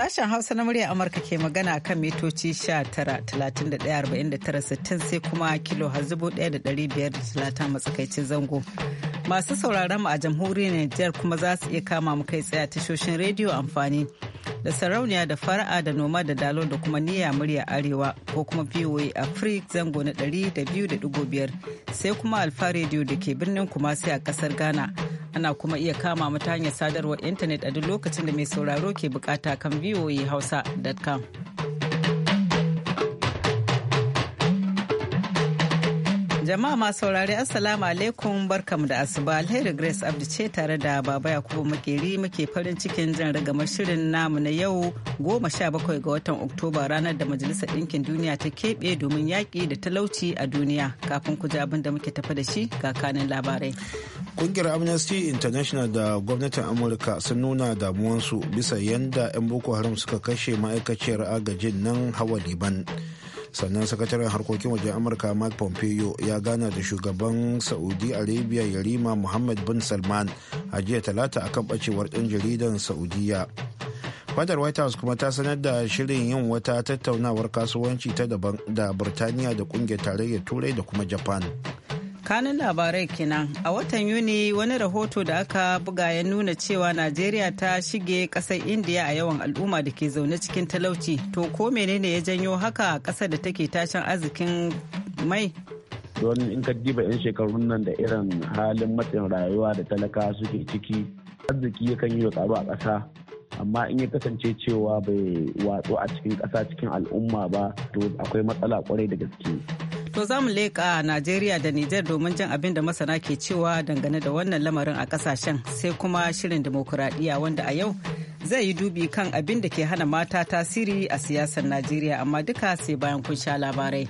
Sashen Hausa na murya Amurka ke magana kan mitoci 19,31,49,60 sai kuma kilo har 1,530 matsakaicin zango. Masu sauraron mu a jamhuriyar Nijar kuma za su iya kama mu kai tsaye tashoshin rediyo amfani da sarauniya da fara'a da noma da dalo da kuma niyya murya arewa ko kuma VOA afrik zango na 200.5 sai kuma alfa rediyo da ke birnin Kumasi a kasar Ghana. Ana kuma iya kama mu ta hanyar sadarwar intanet a duk lokacin da mai sauraro ke bukata kan hausa.com Jama'a masu saurari Assalamu alaikum barkamu da asuba alheri Grace Abdi ce tare da Baba Yakubu Makeri muke farin cikin jin ragamar shirin namu na yau goma sha bakwai ga watan Oktoba ranar da Majalisar Ɗinkin Duniya ta keɓe domin yaƙi da talauci a duniya kafin ku ji da muke tafa da shi ga kanin labarai. Kungiyar Amnesty International da gwamnatin Amurka sun nuna damuwansu bisa yadda 'yan Boko Haram suka kashe ma'aikaciyar agajin nan hawa liban. sannan sakataren harkokin wajen amurka mark pompeo ya gana da shugaban saudi arabia yarima muhammad bin salman a jiya talata akan bacewar ɗan jaridan saudiya fadar white house kuma ta sanar da shirin yin wata tattaunawar kasuwanci ta daban da burtaniya da kungiyar tarayyar turai da kuma japan kanin labarai kenan a watan yuni wani rahoto da aka buga ya nuna cewa najeriya ta shige kasar indiya a yawan al'umma da ke zaune cikin talauci to ko menene ya janyo haka kasar da take tashin arzikin mai don in ka diba 'yan shekarun nan da irin halin matsin rayuwa da talaka suke ciki arziki ya kan yi karu a kasa amma in ya kasance cewa bai watsu a cikin kasa cikin al'umma ba to akwai matsala kwarai da gaske To za mu leƙa Najeriya da Nijar domin jin abin da masana ke cewa dangane da wannan lamarin a ƙasashen sai kuma shirin demokuraɗiyya wanda a yau zai yi dubi kan abin da ke hana mata tasiri a siyasar Najeriya amma duka sai bayan kun sha labarai.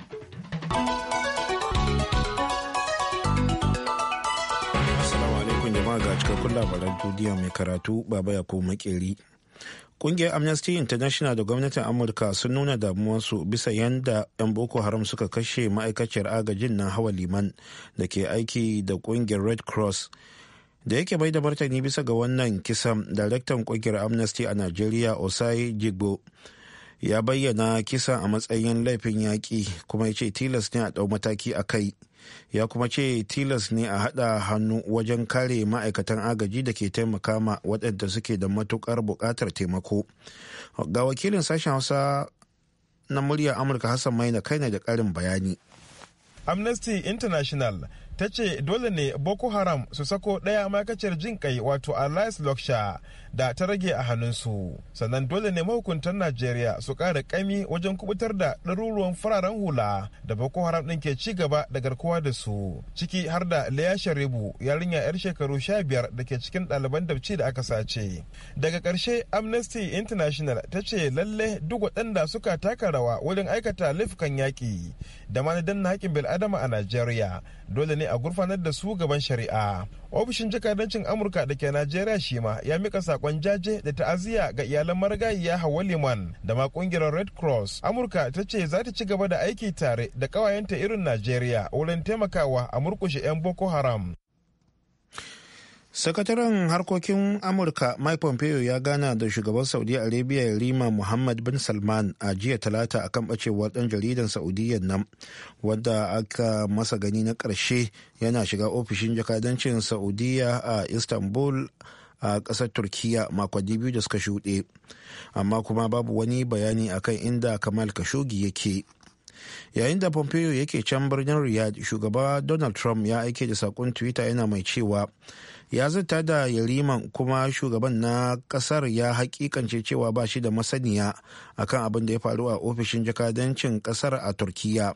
Assalamu alaikum jama'a ga cikakkun labaran duniya mai karatu Baba Yakubu Makeri. Kungiyar Amnesty International da gwamnatin Amurka sun nuna damuwarsu bisa yadda 'yan Boko Haram suka kashe ma'aikaciyar agajin na hawa liman da ke aiki da kungiyar Red Cross. Da yake bai da martani bisa ga wannan kisan, daraktan kungiyar Amnesty a Najeriya Osai Jigbo ya bayyana kisa a matsayin laifin yaƙi kuma ya ce tilas ne a ɗau mataki a kai. ya kuma ce tilas ne a haɗa hannu wajen kare ma'aikatan agaji da ke taimaka ma waɗanda suke da matukar buƙatar taimako ga wakilin sashen hausa na murya amurka hassan maina kai ne da ƙarin bayani amnesty international ta ce dole ne boko haram su sako ɗaya ma'aikaciyar jin kai wato alice loksha da ta rage a hannunsu sannan dole ne mahukuntar najeriya su ƙara ƙami wajen kubutar da ɗaruruwan fararen hula da boko haram ɗin ke ci gaba da garkuwa da su ciki har da leya sharibu yarinya yar shekaru sha biyar da ke cikin ɗaliban dabci da aka sace daga ƙarshe amnesty international ta ce lalle duk waɗanda suka taka rawa wajen aikata laifukan yaƙi da ma na danna haƙƙin bil'adama a najeriya dole ne a gurfanar da su gaban shari'a ofishin jakadancin amurka da ke najeriya shi ma ya mika sakon jaje da ta'aziyya ga iyalan marigayiya hawa liman da ma kungiyar red cross amurka ta ce za ta ci gaba da aiki tare da kawayenta irin najeriya wurin taimakawa a murkushe 'yan boko haram sakataren harkokin amurka mike pompeo ya gana da shugaban saudi arabia rima muhammad bin salman a jiya talata a kan bacewar dan jaridan saudiya nan wanda aka masa gani na karshe yana shiga ofishin jakadancin saudiya a istanbul a ƙasar turkiya makonni biyu da suka shuɗe amma kuma babu wani bayani akan inda kamal kashogi yake yayin da pompeo yake can birnin riyadh shugaba donald trump ya aike da sakon twitter yana mai cewa ya zata da yariman kuma shugaban na kasar ya hakikance cewa ba shi da masaniya akan abin da ya faru a ofishin jakadancin kasar a turkiya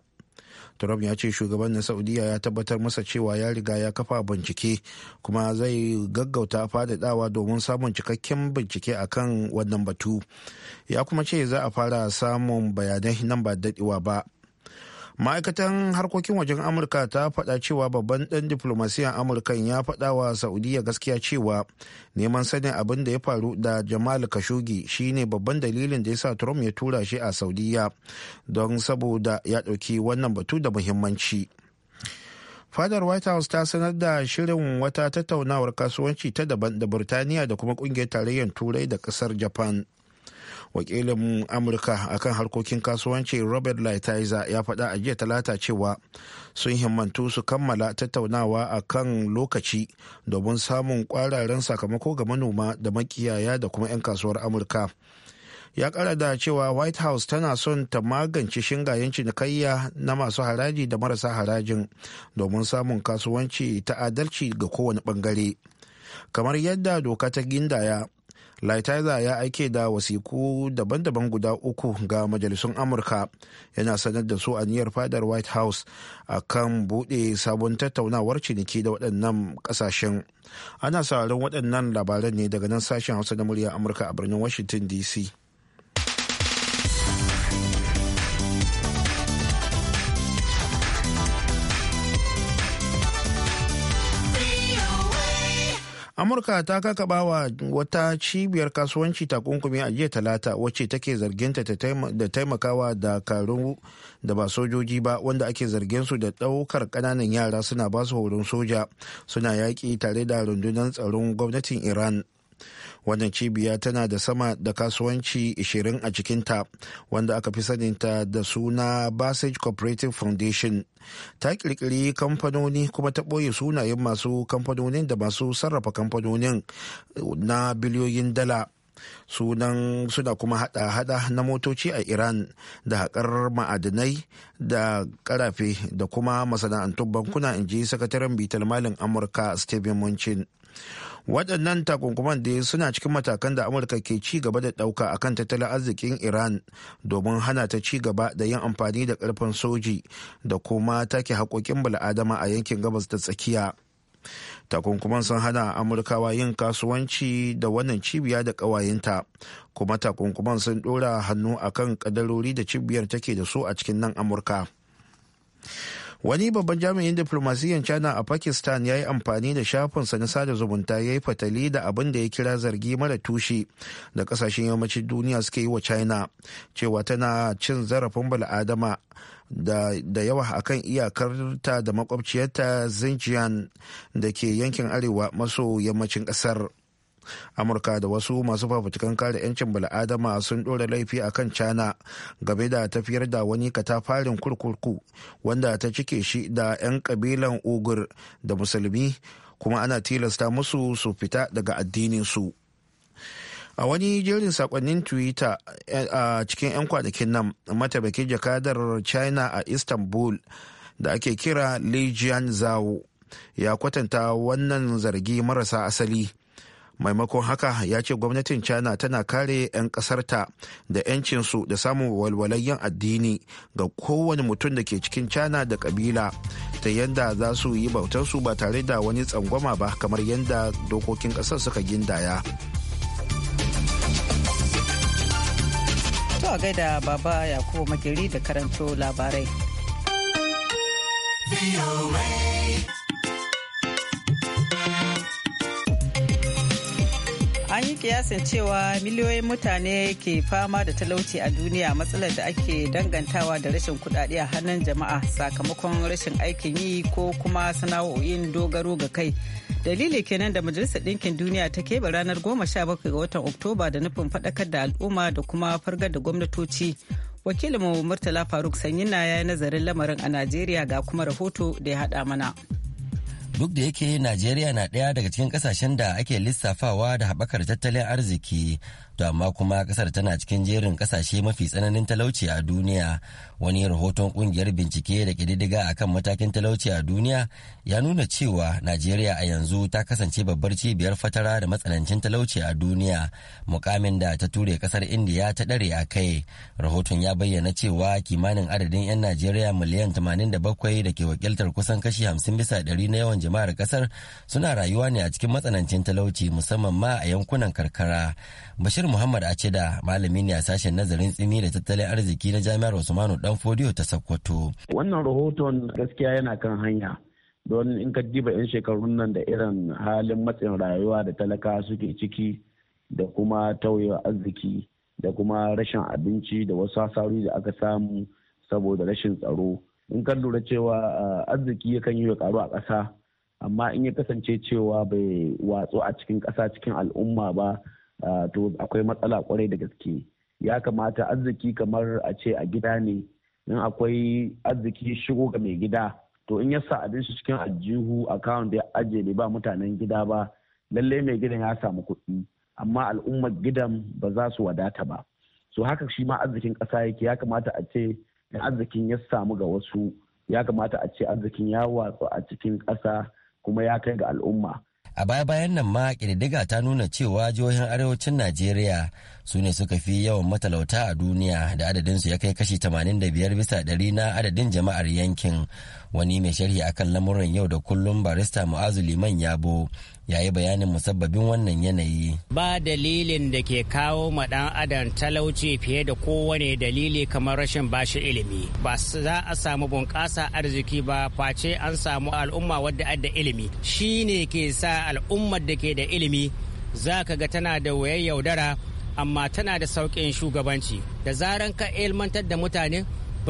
trump ya ce shugaban na saudiya ya tabbatar masa cewa ya riga ya kafa bincike kuma zai gaggauta fadadawa domin samun cikakken bincike akan wannan batu ya kuma ce za a fara samun bayanai nan ba dadewa ba ma'aikatan harkokin wajen amurka ta faɗa cewa babban ɗan diflomasiyan amurkan ya faɗa wa saudiya gaskiya cewa neman sanin abin da ya faru da jamal kashogi shine babban dalilin da ya sa trump ya tura shi a saudiya don saboda ya ɗauki wannan batu da muhimmanci. fadar white house ta sanar da shirin wata tattaunawar kasuwanci ta daban da burtaniya da kuma kungiyar tarayyar turai da kasar japan wakilin amurka akan harkokin kasuwanci robert lighthizer ya faɗa a jiya talata cewa sun himmantu su kammala tattaunawa a kan lokaci domin samun kwararen sakamako ga manoma da makiyaya da kuma 'yan kasuwar amurka ya kara da cewa white house tana son ta magance shingayen cinikayya na masu haraji da marasa harajin domin samun kasuwanci ta adalci ga kowane bangare kamar yadda doka ta gindaya laitaiza ya aike da wasiku daban-daban guda uku ga majalisun Amurka yana sanar da su a niyyar fadar White House a kan buɗe sabon tattaunawar ciniki da waɗannan ƙasashen. Ana sauraron waɗannan labaran ne daga nan sashen Hausa na murya Amurka a birnin Washington DC. amurka ta kakaba wa wata cibiyar kasuwanci takunkumi a jiya talata wacce take zarginta da taimakawa da karu da ba sojoji ba wanda ake zargin su da daukar kananan yara suna basu horon soja suna yaƙi tare da rundunar tsaron gwamnatin iran wannan cibiya tana da sama da kasuwanci 20 a cikinta wanda aka fi saninta da suna basage cooperative foundation ta kirkiri kamfanoni kuma ta ɓoye sunayen masu kamfanonin da masu sarrafa kamfanonin na biliyoyin dala sunan suna kuma hada-hada na motoci a iran da haƙar ma'adinai da ƙarafe da kuma masana'antun bankuna in ji sakataren bitar malin amurka steven munchin waɗannan takunkuman da suna cikin matakan da amurka ke ci gaba da ɗauka akan tattalin arzikin iran domin hana ta ci gaba da yin amfani da ƙarfin soji da kuma take haƙoƙin bala'adama a yankin gabas da tsakiya takunkuman sun hana amurkawa yin kasuwanci da wannan cibiya da ƙawayenta kuma takunkuman sun ɗora hannu akan kadarori da cibiyar take da su a cikin nan amurka wani babban jami'in diplomasiyyar china a pakistan ya yi amfani da shafinsa na sada zumunta ya yi fatali da abin da ya kira zargi mara tushe da kasashen yammacin duniya suke yi wa china cewa tana cin zarafin bal'adama da yawa akan iyakarta da makwabciyarta xinjiang da ke yankin arewa maso yammacin kasar. amurka da wasu masu fafutukan kare 'yancin bala'adama sun ɗora laifi a kan china game da tafiyar da wani katafarin kurkurku wanda ta cike shi da 'yan kabilan ugur da musulmi kuma ana tilasta musu su fita daga addininsu a wani jerin sakonnin twitter eh, a cikin 'yan kwanakin nan mataimakin jakadar china a istanbul da ake kira legion zawo ya kwatanta wannan zargi marasa asali maimakon haka ya ce gwamnatin china tana kare 'yan ƙasarta da 'yancinsu da samun walwalar yin addini ga kowane mutum da ke cikin china da ƙabila ta yadda za su yi bautarsu ba tare da wani tsangwama ba kamar yadda dokokin ƙasar suka gindaya gaida baba Yakubu makiri da karanto labarai. yi kiyasin cewa miliyoyin mutane ke fama da talauci a duniya matsalar da ake dangantawa da rashin kudade a hannun jama'a sakamakon rashin aikin yi ko kuma sana'o'in dogaro ga kai. Dalili kenan da Majalisar Ɗinkin Duniya ta keɓe ranar 17 ga watan Oktoba da nufin faɗakar da al'umma da kuma fargar da gwamnatoci. Wakilinmu Murtala Faruk Sanyina ya yi nazarin lamarin a Najeriya ga kuma rahoto da ya haɗa mana. duk da yake najeriya na ɗaya daga cikin ƙasashen da ake lissafawa da haɓakar tattalin arziki to amma kuma kasar tana cikin jerin kasashe mafi tsananin talauci a duniya wani rahoton kungiyar bincike da kididdiga akan matakin talauci a duniya ya nuna cewa najeriya a yanzu ta kasance babbar cibiyar fatara da matsanancin talauci a duniya mukamin da ta ture kasar indiya ta dare a kai rahoton ya bayyana cewa kimanin adadin 'yan najeriya miliyan 87 da ke wakiltar kusan kashi 50 bisa 100 na yawan jama'ar kasar suna rayuwa ne a cikin matsanancin talauci musamman ma a yankunan karkara bashir Bashir Muhammad Acida malami ne a sashen nazarin tsimi da tattalin arziki na Jami'ar Usmanu Danfodiyo ta Sokoto. Wannan rahoton gaskiya yana kan hanya. Don in ka diba 'yan shekarun nan da irin halin matsin rayuwa da talaka suke ciki da kuma tauyewa arziki da kuma rashin abinci da wasu hasarori da aka samu saboda rashin tsaro. In ka lura cewa ah, arziki yakan yi wa karu a ƙasa amma in ya kasance cewa bai watsu a cikin ƙasa cikin al'umma ba Ah, to akwai matsala kwarai da gaske ya kamata arziki kamar a ce a gida ne in akwai arziki shigo ga mai gida to in ya sa abin shi cikin aljihu account ya ajiye ne ba mutanen gida ba lallai mai gidan ya samu kuɗi amma al'ummar gidan ba za su wadata ba so haka shi ma arzikin ƙasa yake ya kamata a ce in arzikin ya samu ga wasu ya kamata a ce arzikin ya watsu a cikin ƙasa kuma ya kai ga al'umma a baya-bayan nan ma ƙididdiga ta nuna cewa jihohin arewacin najeriya su ne suka fi yawan matalauta a duniya da adadinsu ya kai kashi 85 bisa ɗari na adadin jama'ar yankin wani mai sharhi akan lamuran yau da kullum barista mu'azu liman yabo ya yi bayanin musabbabin wannan yanayi. Ba dalilin da ke kawo ma ɗan adam talauci fiye da kowane dalili kamar rashin bashi ilimi. Ba za a samu bunƙasa arziki ba face an samu al'umma wadda adda ilimi. Shi ne ke sa al'ummar da ke da ilimi za ka ga tana da wayar yaudara amma tana da sauƙin shugabanci. Da zaran ka ilmantar da mutane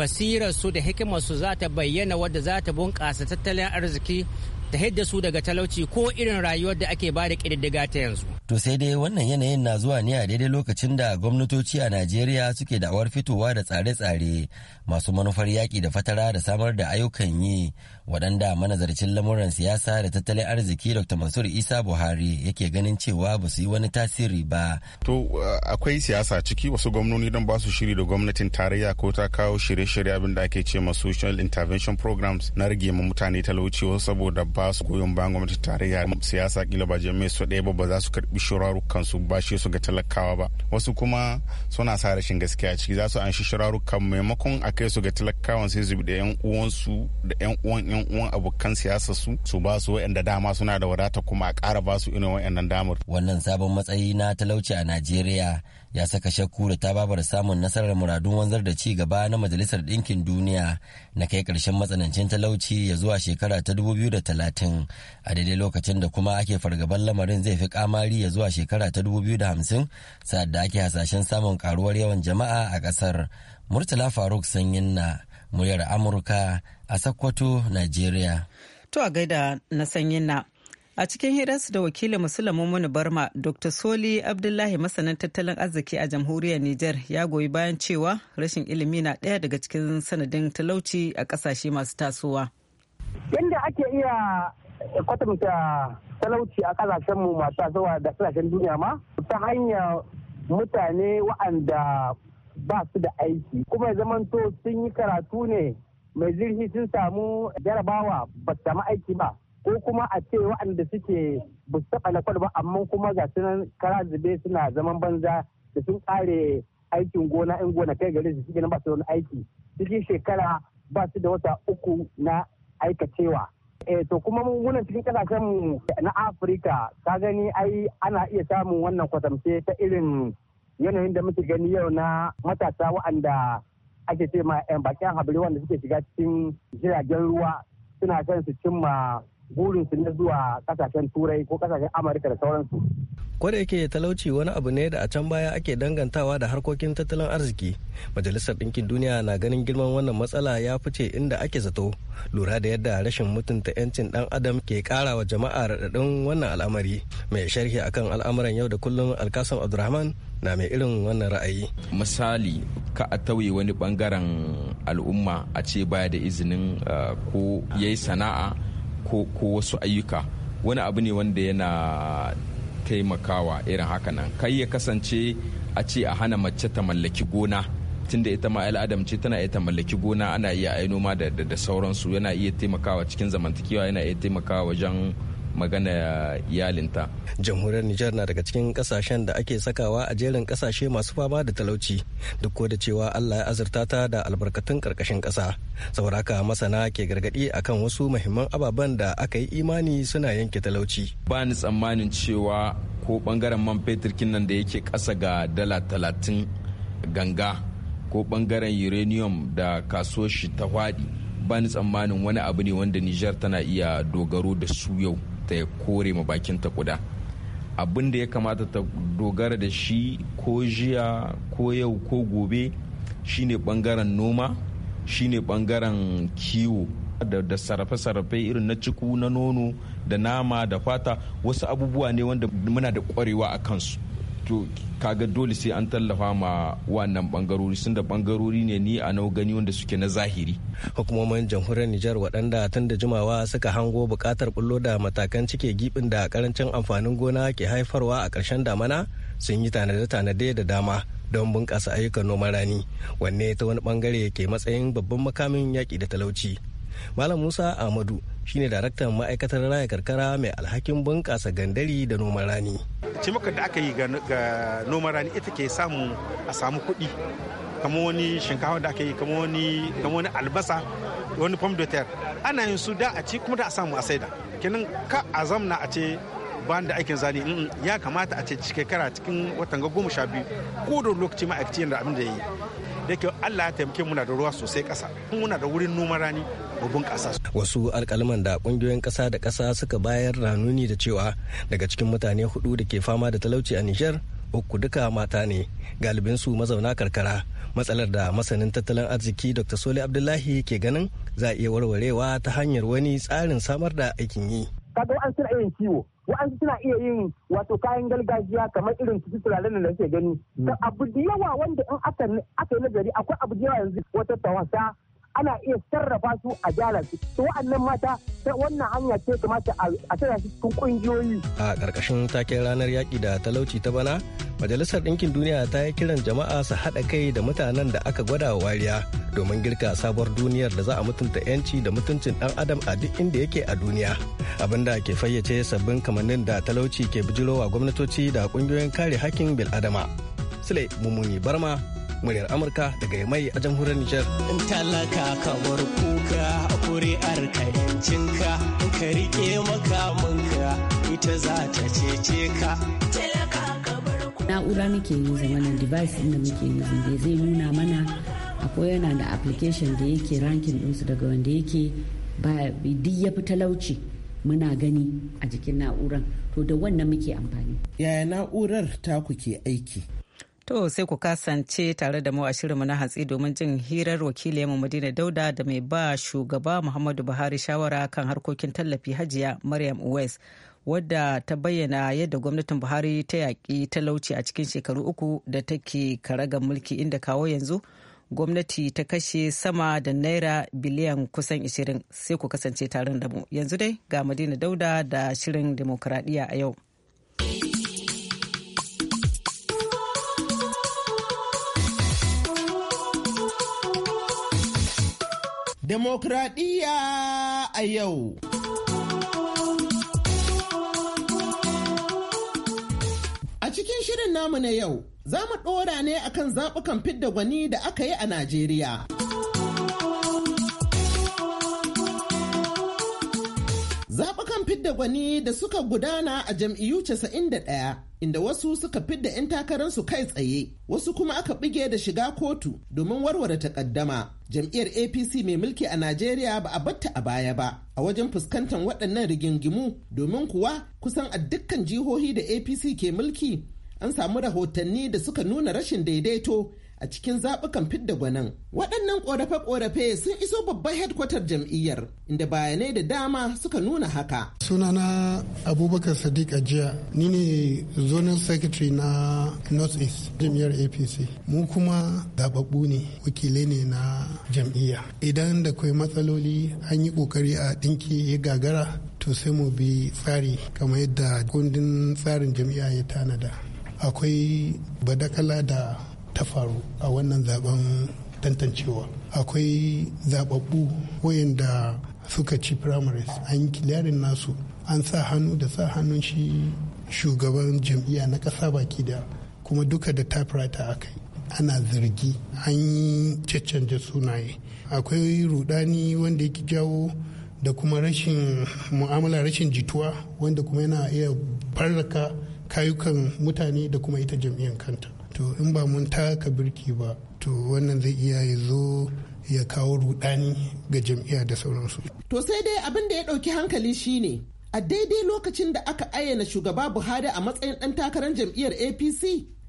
su da hikimarsu za ta bayyana wadda za ta bunƙasa tattalin arziki ta hidda su daga talauci ko irin rayuwar da ake bada ƙididdiga ta yanzu. To sai dai wannan yanayin na zuwa ne a daidai lokacin da gwamnatoci a Najeriya suke da awar fitowa da tsare-tsare masu manufar yaƙi da fatara da samar da ayyukan yi waɗanda manazarcin lamuran siyasa da tattalin arziki Dr. Mansur Isa Buhari yake ganin cewa ba su yi wani tasiri ba. To uh, akwai siyasa ciki wasu gwamnoni don ba su shiri da gwamnatin tarayya ko ta kawo shirye-shirye abin da ake ce ma social intervention programs na rage ma mutane talauci saboda fa su goyon bayan gwamnati tarayya siyasa kila ba jami'ai su ɗaya ba za su karɓi shirarrukan su ba shi su ga talakawa ba wasu kuma suna sa rashin gaskiya ciki za su anshi shirarrukan maimakon a kai su ga talakawan sai su bi da yan uwansu da yan uwan yan uwan abokan siyasa su su ba su wa'anda dama suna da wadata kuma a ƙara ba su irin wa'annan damar. wannan sabon matsayi na talauci a najeriya ya saka shakku da ta babar samun nasarar muradun wanzar da ci gaba na majalisar ɗinkin duniya na kai ƙarshen matsanancin talauci ya zuwa shekara ta 2030 a daidai lokacin da kuma ake fargaban lamarin zai fi kamari ya zuwa shekara ta 2050 sa'ad da ake hasashen samun karuwar yawan jama'a a ƙasar murtala faruk sanyin na muryar amurka a sakkwato nigeria to a gaida na sanyin na A cikin hirarsu da wakilin Musulman Muni Barma, Dr. Soli Abdullahi masanin tattalin arziki a jamhuriyar Nijar ya goyi bayan cewa rashin ilimi na ɗaya daga cikin sanadin talauci a ƙasashe masu tasowa. yadda ake iya kwatanta talauci a mu masu tasowa da ƙasashen duniya ma ta hanyar mutane wa'anda ba su da aiki kuma zamanto sun yi karatu ne mai zirhi sun samu jarabawa ba su samu aiki ba ko kuma a ce waɗanda suke ba su taɓa lakwal ba amma kuma ga sunan kara zube suna zaman banza da sun kare aikin gona in gona kai gari su cikin ba su wani aiki cikin shekara ba su da wata uku na aikacewa eh to kuma mun cikin kasashen na afirka ka gani ai ana iya samun wannan kwatamce ta irin yanayin da muke gani yau na matasa waɗanda ake ce ma yan bakin habiri wanda suke shiga cikin jiragen ruwa suna son su cimma burinsu na zuwa kasashen turai ko kasashen amurka da sauransu ko yake talauci wani abu ne da a can baya ake dangantawa da harkokin tattalin arziki majalisar ɗinkin duniya na ganin girman wannan matsala ya fice inda ake zato lura da yadda rashin mutunta 'yancin dan adam ke kara wa jama'a raɗaɗin wannan al'amari mai sharhi akan al'amuran yau da kullum alkasan abdulrahman na mai irin wannan ra'ayi misali ka a tauye wani bangaren al'umma a ce baya da izinin eh, ko yayi sana'a ko wasu ayyuka wani abu ne wanda yana taimakawa irin haka nan kai ya kasance a ce a hana mace ta mallaki gona tunda ita ma al'adam ce tana iya ta mallaki gona ana iya ainoma da sauransu yana iya taimakawa cikin zamantakewa yana iya taimakawa wajen magana iyalinta. Jamhuriyar Nijar na daga cikin kasashen da ake sakawa a jerin kasashe masu fama da talauci duk ko da cewa Allah ya azurta ta da albarkatun karkashin kasa. Sauraka masana ke gargadi akan wasu mahimman ababen da aka yi imani suna yanke talauci. Ba ni tsammanin cewa ko bangaren man fetur nan da yake kasa ga dala talatin ganga ko bangaren uranium da kaso shi ta hwadi ba ni tsammanin wani abu ne wanda Nijar tana iya dogaro da su yau. ta kore ma bakin ta kuda abin da ya kamata ta dogara da shi ko jiya ko yau ko gobe shine bangaren noma shine bangaren kiwo da sarrafe-sarrafe irin na ciku na nono da nama da fata wasu abubuwa ne wanda muna da kwarewa a kansu to kaga dole sai an tallafa ma wannan bangarori sun da bangarori ne ni a nau gani wanda suke na zahiri hukumomin jamhuriyar nijar waɗanda tun da jimawa suka hango buƙatar bullo da matakan cike gibin da karancin amfanin gona ke haifarwa a ƙarshen damana sun yi tanade-tanade da dama don bunƙasa ayyukan noman rani wanne ta wani bangare ke matsayin babban makamin yaƙi da talauci malam musa ahmadu shine daraktan ma'aikatar raya karkara mai alhakin bunƙasa gandari da noman rani. cimakar da aka yi ga noman rani ita ke samu a samu kuɗi kamar wani shinkawa da aka yi kamar wani albasa wani pom de terre ana yin su da a ci kuma da a samu a saida kenan ka a zamna a ce ban da aikin zani ya kamata a ce shekara cikin watan goma sha biyu ko da lokaci ma'aikaci da abin da ya yi da yake Allah ya taimake muna da ruwa sosai ƙasa muna da wurin noman rani babban kasa wasu alkalaman da kungiyoyin kasa da kasa suka bayar na nuni da cewa daga cikin mutane hudu da ke fama da talauci a niger uku duka mata ne galibin su mazauna karkara matsalar da masanin tattalin arziki dr sole abdullahi ke ganin za a iya warwarewa ta hanyar wani tsarin samar da aikin yi kaga an san irin kiwo wa'ansu suna iya yin wato kayan gargajiya kamar irin su turaren da nake gani mm. abu da yawa wanda in aka yi nazari akwai abu da yawa yanzu wata tawasa ana iya sarrafa su a gyara su to wa'annan mata ta wannan hanya ce kamata a tana su cikin kungiyoyi a ƙarƙashin taken ranar yaki da talauci ta bana majalisar ɗinkin duniya ta yi kiran jama'a su haɗa kai da mutanen da aka gwada wariya domin girka sabuwar duniyar da za a mutunta 'yanci da mutuncin ɗan adam a duk inda yake a duniya abin da ke fayyace sabbin kamannin da talauci ke bijirowa gwamnatoci da ƙungiyoyin kare hakkin bil'adama sule mummuni barma muryar amurka daga mai a jamhuriyar nijar in talaka ka bar kuka kuri'ar ka yancinka in ka rike makamanka ita za ta cece ka na'ura muke yi zamanin device inda muke yi da zai nuna mana akwai yana da application da yake rankin ɗinsu daga wanda yake ba duk ya fi talauci muna gani a jikin na'urar to da wannan muke amfani yaya na'urar ta ke aiki To sai ku kasance tare da mu a shirinmu na hatsi domin jin hirar mu Madina Dauda da mai ba shugaba Muhammadu Buhari shawara kan harkokin tallafi hajiya Maryam West wadda ta bayyana yadda gwamnatin Buhari ta yaƙi talauci a cikin shekaru uku da take karagar mulki inda kawo yanzu gwamnati ta kashe sama da naira biliyan kusan 20 sai ku kasance tare da mu yanzu dai ga Madina Dauda da shirin a yau. Demokradiyya a yau. A cikin shirin namu na yau, za mu ɗora ne akan zaɓukan fidda gwani da aka yi a Najeriya. fidda gwani da suka gudana a jam'iyyu 91 inda wasu suka fidda 'yan takararsu kai tsaye wasu kuma aka bige da shiga kotu domin warware takaddama jam'iyyar apc mai mulki a najeriya ba a batta a baya ba a wajen fuskantar waɗannan rigingimu domin kuwa kusan a dukkan jihohi da apc ke mulki an samu rahotanni da suka nuna rashin daidaito a cikin zaɓukan fidda gwanan Waɗannan ƙorafe-ƙorafe sun iso babban hedkwatar jam'iyyar inda bayanai da dama suka nuna haka. Sunana Abubakar Sadiq Ajiya ni ne zonal secretary na North East jam'iyyar APC. Mu kuma zaɓaɓɓu ne wakilai ne na jam'iyya. Idan da kwai matsaloli an yi ƙoƙari a ɗinki ya gagara to sai mu bi tsari kamar yadda kundin tsarin jam'iyya ya tanada. Akwai badakala da ta faru a wannan zaben tantancewa akwai zababbu wayanda suka ci primaries an yi kilarin nasu an sa hannu da sa hannun shi shugaban jam'iyya na ƙasa baki da kuma duka da typewriter a kai ana zargi an yi cancanta sunaye akwai rudani wanda yake jawo da kuma rashin mu'amala rashin jituwa wanda kuma yana iya farraka kayukan mutane da kuma ita jam'iyyar kanta to in ba mun taka birki ba to wannan zai iya ya zo ya kawo rudani ga jam'iyya da sauransu. To sai dai abin da ya ɗauki hankali shine a daidai lokacin da aka ayyana shugaba Buhari a matsayin ɗan takarar jam'iyyar APC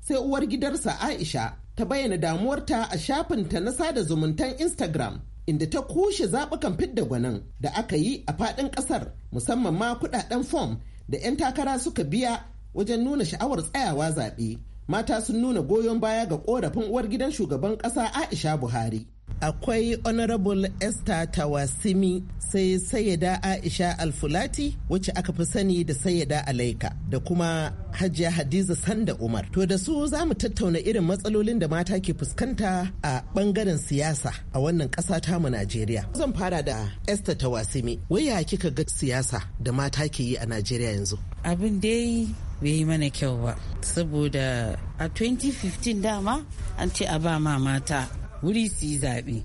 sai uwar gidarsa Aisha ta bayyana damuwarta a shafinta na sada zumuntan Instagram inda ta kushe zaɓukan fidda gwanin da aka yi a faɗin ƙasar musamman ma kuɗaɗen fom da 'yan takara suka biya wajen nuna sha'awar tsayawa zaɓe. mata sun nuna goyon baya ga korafin uwar gidan shugaban ƙasa aisha buhari akwai honorable esther tawasimi sai sayyada aisha alfulati wacce aka fi sani da sayyada alaika da kuma hajiya hadiza sanda umar to da su za mu tattauna irin matsalolin da mata ke fuskanta a bangaren siyasa a wannan ƙasa tamu najeriya zan fara da esther tawasimi waya kika ga siyasa da mata ke yi a najeriya yanzu abin dai bai yi mana kyau ba saboda a 2015 dama an ce a ba ma mata wuri su yi zaɓe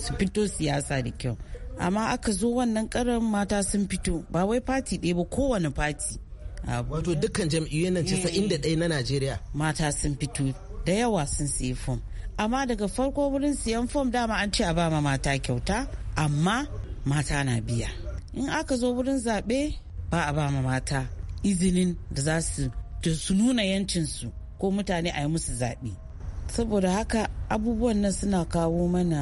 su fito siyasa da kyau amma aka zo wannan karan mata sun fito ba wai fati ɗaya ba kowane fati wato dukkan jam'iyyun nan eh. casa'in da ɗaya na najeriya mata sun fito da yawa sun siya fom amma daga farko wurin siyan fom dama an ce a ba ma mata kyauta amma mata na biya in aka zo wurin zaɓe ba a ba ma mata izinin da za su nuna yancinsu ko mutane a yi musu zaɓe saboda haka abubuwan nan suna kawo mana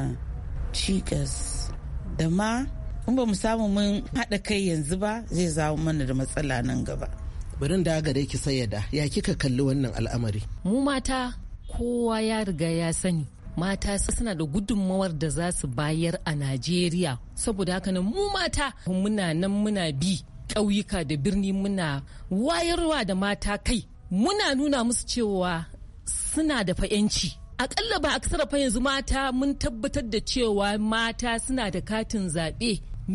cikas da ma in ba mu samu mun haɗa kai yanzu ba zai zawo mana da matsala nan gaba bari da dai ki sayyada ya kika kalli wannan al'amari mu mata kowa ya riga ya sani mata suna da gudunmawar da za su bayar a najeriya saboda haka nan mu mata muna nan muna bi ƙauyuka da birni muna wayarwa da mata kai muna nuna musu cewa suna da fa'yanci akalla ba ƙasar fa yanzu mata mun tabbatar da cewa mata suna da katin zaɓe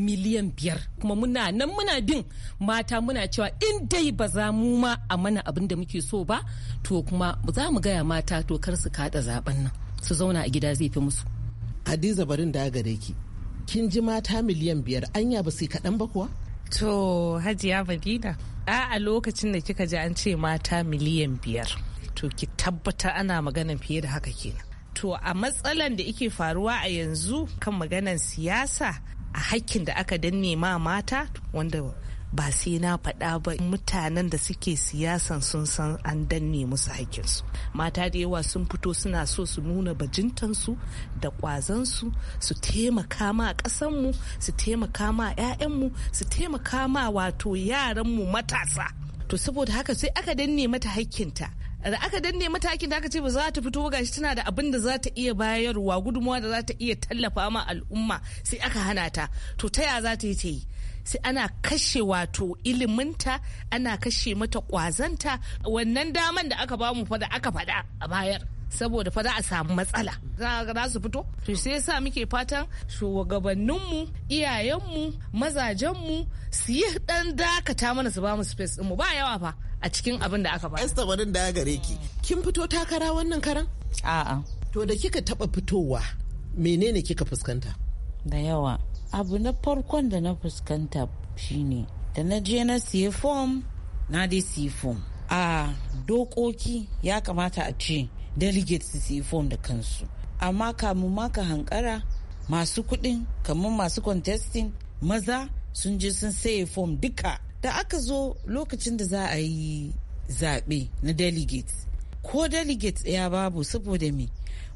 miliyan biyar kuma muna nan muna bin mata muna cewa in dai ba za mu ma a mana abin da muke so ba to kuma za mu gaya mata to kar su kaɗa zaɓen nan su zauna a gida zai fi musu hadiza barin da gare ki kin ji mata miliyan biyar anya ba sai kaɗan ba kuwa to hajiya madina a a lokacin da kika ji an ce mata miliyan biyar to ki tabbata ana maganan fiye da haka kenan to a matsalan da ike faruwa a yanzu kan maganan siyasa a hakkin da aka danne ma mata wanda ba sai na faɗa ba mutanen da suke siyasan sun san an danne musu haƙƙinsu mata da yawa sun fito suna so su nuna bajintansu da ƙwazansu su taimaka ma ƙasanmu su taimaka ma 'ya'yanmu su taimaka ma wato yaranmu matasa to saboda haka sai aka danne mata haƙƙinta da aka danne matakin da aka ce ba za ta fito gashi tana da abin da za ta iya bayarwa gudunmawa da za ta iya tallafa ma al'umma sai aka hana ta to ta ya za ta yi ta yi sai ana kashe wato iliminta ana kashe mata kwazanta wannan daman da aka ba mu fada aka fada a bayar saboda fa za a samu matsala za su fito to sai yasa muke fatan shugabanninmu iyayenmu mazajenmu su yi dan dakata mana su ba mu space mu ba yawa fa a cikin abin da aka ba Esther barin da gare ki kin fito takara wannan karan a'a to da kika taba fitowa menene kika fuskanta da yawa abu na farkon da na fuskanta shine da na je na siye form na dai siye form a dokoki ya kamata a ce delegates su yi form da kansu amma kamun maka hankara masu kudin kamar masu contesting maza sun je sun saye form duka da aka zo lokacin da za a yi zaɓe na delegates ko delegates ɗaya babu saboda me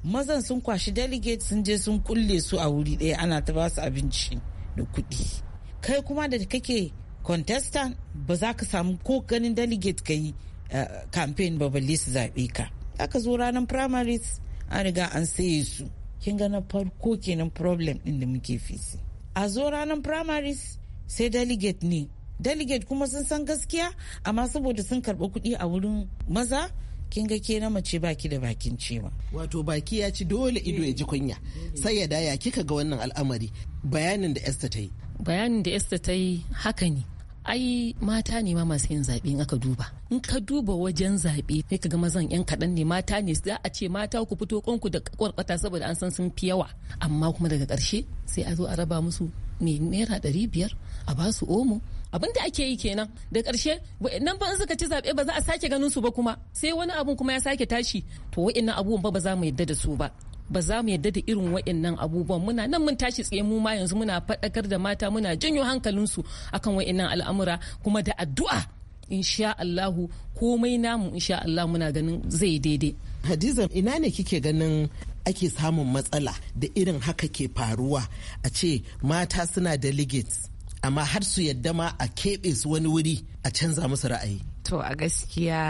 mazan sun kwashi delegates sun je sun kulle su a wuri ɗaya ana ta ba su abinci da kuɗi kai kuma da kake contestant ba za ka samu ko ganin delegate ka yi eh, campaign ba balle su zaɓe ka aka zo ranar primaries an riga an saye su kin ga na farko kenan problem din da muke fisi a zo ranar primaries sai delegate ne delegate kuma sun san gaskiya amma saboda sun karɓi kuɗi a wurin maza kin ga ke na mace baki da bakin cewa wato baki ya ci dole ido ya ji kunya sai ya daya kika ga wannan al'amari bayanin da Esther ta yi bayanin da Esther ta yi haka ne ai mata ne ma masu yin zaɓe in aka duba in ka duba wajen zaɓe sai ka ga mazan yan kaɗan ne mata ne za a ce mata ku fito kanku da kwarkwata saboda an san sun fi yawa amma kuma daga ƙarshe sai a zo a raba musu ne naira ɗari biyar a ba su omo abin da ake yi kenan da ƙarshe nan ba suka ci zaɓe ba za a sake ganin su ba kuma sai wani abun kuma ya sake tashi to wa'annan abubuwan ba ba za mu yadda da su ba ba za mu yadda da irin waɗannan abubuwan muna nan mun tashi tsaye mu ma yanzu muna faɗakar da mata muna janyo hankalinsu akan waɗannan al'amura kuma da addu'a insha Allahu komai namu insha Allah muna ganin zai daidai Hadiza ina ne kike ganin ake samun matsala da irin haka ke faruwa a ce mata suna delegates amma har su yadda ma a keɓe su wani wuri a canza musu ra'ayi to a gaskiya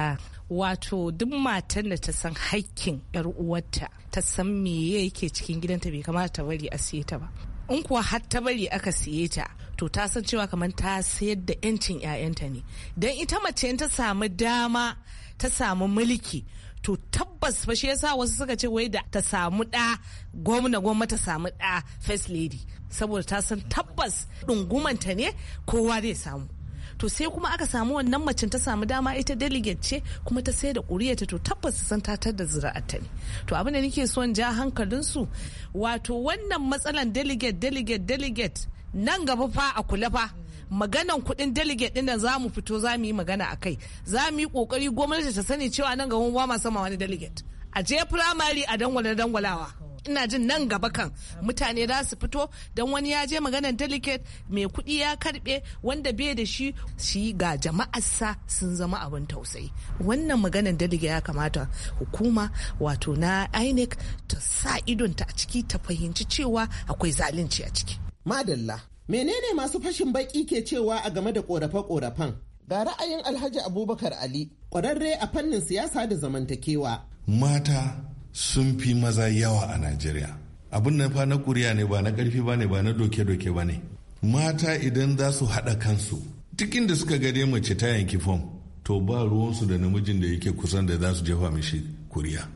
wato duk matan da ta san haƙƙin 'yar uwarta ta san me yake cikin gidanta bai kamata ta bari a siye ta ba in kuwa har ta bari aka siye ta to ta san cewa kamar ta sayar da 'yancin 'ya'yanta ne don ita mace ta samu dama ta samu mulki to tabbas bashi shi yasa wasu suka ce wai da ta samu ɗa gwamna gwamna ta samu ɗa first lady saboda ta san tabbas ɗungumanta ne kowa zai samu to sai kuma aka samu wannan macin ta samu dama ita delegate ce kuma ta sai da ƙuriyarta to tabbas san tatar da zira'arta ne to abin da nake in ja hankalin su wato wannan matsalan delegate delegate delegate nan gaba fa a kula fa maganan kudin delegate din da za mu fito za mu yi magana a kai za mu yi kokari gwamnati ta sani cewa nan gaba ba ma sama wani delegate a je primary a dangwala dangwalawa ina jin nan gaba kan mutane za su fito don wani ya je maganar delicate mai kuɗi ya karɓe wanda bai da shi shi ga jama'arsa sun zama abin tausayi wannan maganan delicate ya kamata hukuma wato na inec ta sa idonta a ciki ta fahimci cewa akwai zalunci a ciki madalla menene masu fashin baki ke cewa a game da korafe-korafen ga ra'ayin alhaji abubakar ali kwararre a fannin siyasa da zamantakewa mata sun fi maza yawa a najeriya abin na fa na kuriya ne ba na ƙarfi ba ne ba na doke-doke ba ne mata idan za su haɗa kansu duk inda suka gade mace ta yanki fom to ba ruwansu da namijin da yake kusan da za su jefa mishi kuriya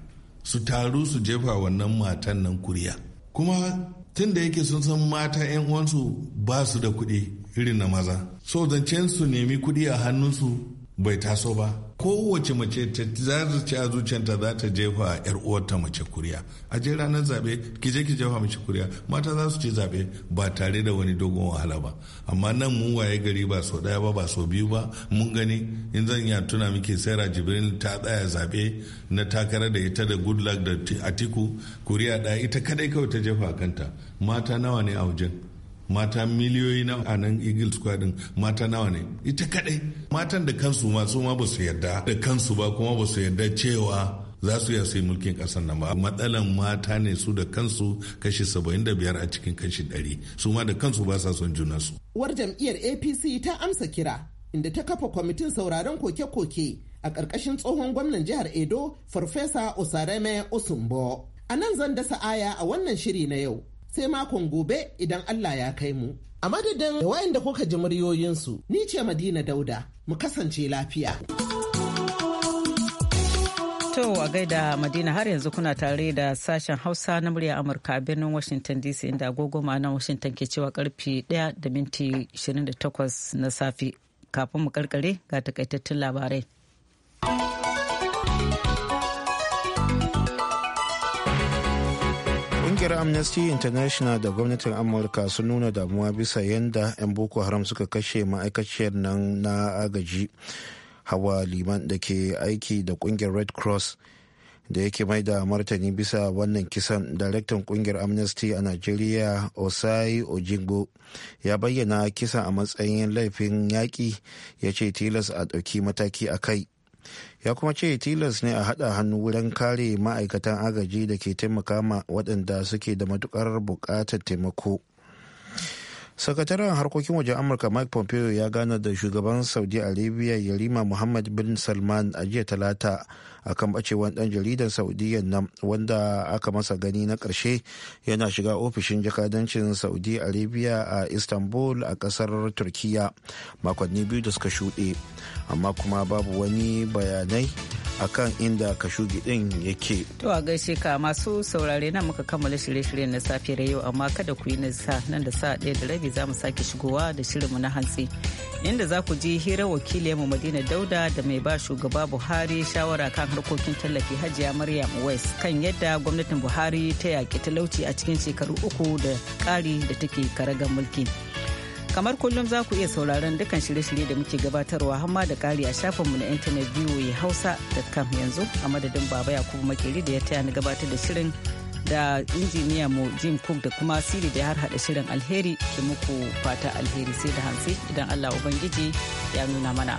su taru su jefa wannan matan nan kuriya kuma tun da yake sun san mata 'yan uwansu ba su da kuɗi irin na maza so zancen su nemi kuɗi a hannunsu bai taso ba kowace mace ta zarce a zuciyarta za ta jefa yar uwarta mace kuriya a je ranar zabe ki je ki jefa mace kuriya mata za su ci zabe ba tare da wani dogon wahala ba amma nan mun waye gari ba sau daya ba ba so biyu ba mun gani in zan iya tuna miki sarah jibril ta tsaya zabe na takarar da ita da goodluck da atiku kuriya daya ita kadai kawai ta jefa kanta mata nawa ne a wajen mata miliyoyi na a nan eagle squad mata nawa ne ita kadai matan da kansu ma ma ba su yarda da kansu ba kuma ba su yarda cewa za su iya sai mulkin kasar nan ba matsalan mata ne su da kansu kashi 75 a cikin kashi 100 su ma da kansu ba sa son juna su war jam'iyyar apc ta amsa kira inda ta kafa kwamitin sauraron koke-koke a ƙarƙashin tsohon gwamnan jihar edo farfesa osareme osumbo a nan zan dasa aya a wannan shiri na yau sai makon gobe idan Allah ya kai mu. A madadin da wayanda kuka ji muryoyinsu, ni ce Madina Dauda, mu kasance lafiya. To a gaida Madina har yanzu kuna tare da sashen Hausa na murya Amurka a birnin Washington DC inda agogo ma'ana Washington ke cewa karfe 1 da minti 28 na safe. Kafin mu karkare ga takaitattun labarai. Ƙungiyar Amnesty International da gwamnatin Amurka sun nuna damuwa bisa yadda 'yan Boko Haram suka kashe ma'aikaciyar nan na agaji hawa liman da ke aiki da ƙungiyar Red Cross da yake mai da martani bisa wannan kisan daraktan kungiyar amnesty a nigeria osai ojigbo ya bayyana kisan a matsayin laifin yaƙi ya ce tilas a ɗauki mataki a kai ya kuma ce tilas ne a haɗa hannu wurin kare ma'aikatan agaji da ke taimaka ma waɗanda suke da matukar buƙatar taimako sakataren harkokin wajen amurka mike pompeo ya gana da shugaban saudi arabia yarima muhammad bin salman a jiya talata akan bacewan dan jaridan saudiya nan wanda aka masa gani na karshe yana shiga ofishin jakadancin saudi arabia a istanbul a kasar turkiya makonni biyu da suka shuɗe amma kuma babu wani bayanai akan inda kashugi din yake. To a gaishe ka masu saurare na muka kammala shirye-shiryen na safiyar yau amma kada ku yi nisa nan da sa ɗaya da rabi za mu sake shigowa da shirinmu na hantsi. Inda za ku ji hira mu Madina Dauda da mai ba shugaba Buhari shawara kan harkokin tallafi hajiya maryam west kan yadda gwamnatin buhari ta yaƙi talauci a cikin shekaru uku da ƙari da take karagar mulki kamar kullum za ku iya sauraron dukkan shirye-shirye da muke gabatarwa hamma da ƙari a shafinmu na intanet ya hausa voa hausa.com yanzu a madadin baba yakubu makeri da ya taya ni gabatar da shirin da injiniya mu jim cook da kuma siri da har hada shirin alheri ke muku fata alheri sai da hantsi idan allah ubangiji ya nuna mana.